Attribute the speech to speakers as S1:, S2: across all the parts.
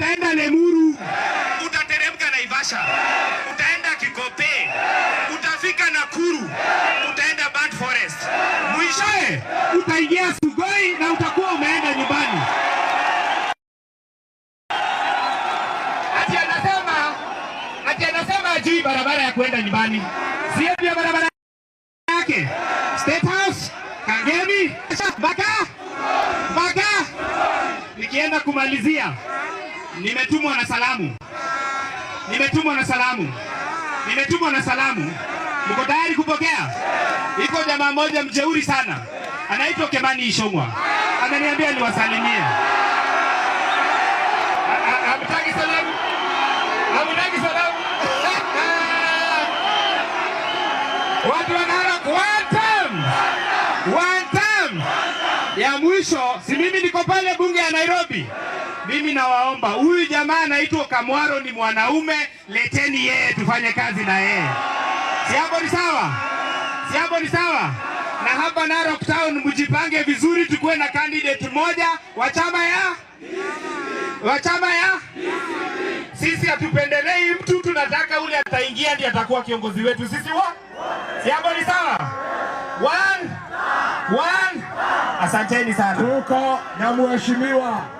S1: utaenda Lemuru,
S2: utateremka Naivasha, utaenda Kikope, utafika Nakuru, utaenda Bad Forest, mwishowe utaingia Sugoi na utakuwa umeenda nyumbani.
S1: Ati anasema ati anasema ajui barabara ya kuenda nyumbani, sio ya barabara yake State House, Kagemi Baka Baka, nikienda kumalizia Nimetumwa na salamu, nimetumwa na salamu, nimetumwa na salamu. Mko tayari kupokea? Iko jamaa moja mjeuri sana, anaitwa Kemani Ishongwa, ananiambia niwasalimie. salamu, watu ya mwisho. Si mimi niko pale bunge ya Nairobi mimi nawaomba, huyu jamaa anaitwa Kamwaro ni mwanaume, leteni yeye tufanye kazi na yeye. Si hapo ni sawa? Si hapo ni sawa? Na hapa Narok Town mjipange vizuri, tukuwe na candidate moja wa chama ya wa chama ya sisi. Hatupendelei mtu, tunataka ule ataingia ndiye atakuwa kiongozi wetu sisi wa. Si hapo ni sawa? One, one. Asanteni sana,
S3: tuko na mheshimiwa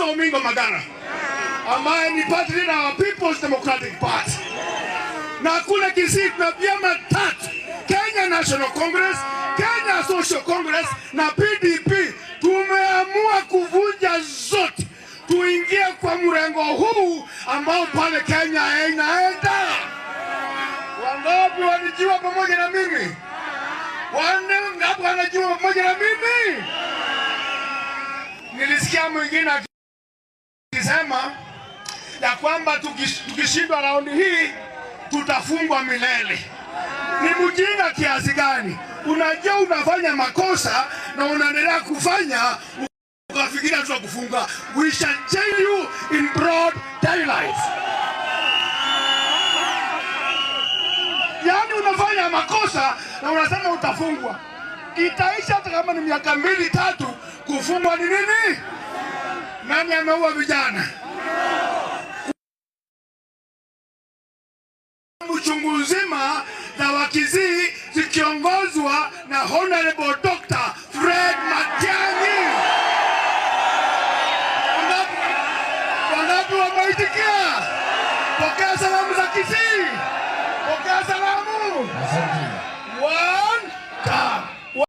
S1: Peter Ominga Magara ambaye ni party leader wa People's Democratic Party, na kule Kisii tuna vyama tatu: Kenya National Congress, Kenya Social Congress na PDP. Tumeamua kuvunja zote tuingie kwa mrengo huu ambao pale Kenya inaenda. Wangapi wanijua pamoja na mimi? Wangapi wanajua pamoja na mimi? Nilisikia mwingine amesema ya kwamba tukishindwa raundi hii tutafungwa milele. Ni mjinga kiasi gani? Unajua unafanya makosa na unaendelea kufanya ukafikiria kufunga We shall jail you in broad daylight. Yaani unafanya makosa na unasema utafungwa, itaisha hata kama ni miaka mbili tatu. Kufungwa ni nini? Nani ameua vijana? Chungu nzima za Wakizii zikiongozwa na Honorable Dr. Fred Matiang'i. Wangapi wameitikia? Pokea salamu za kizii pokea salamu. Wow.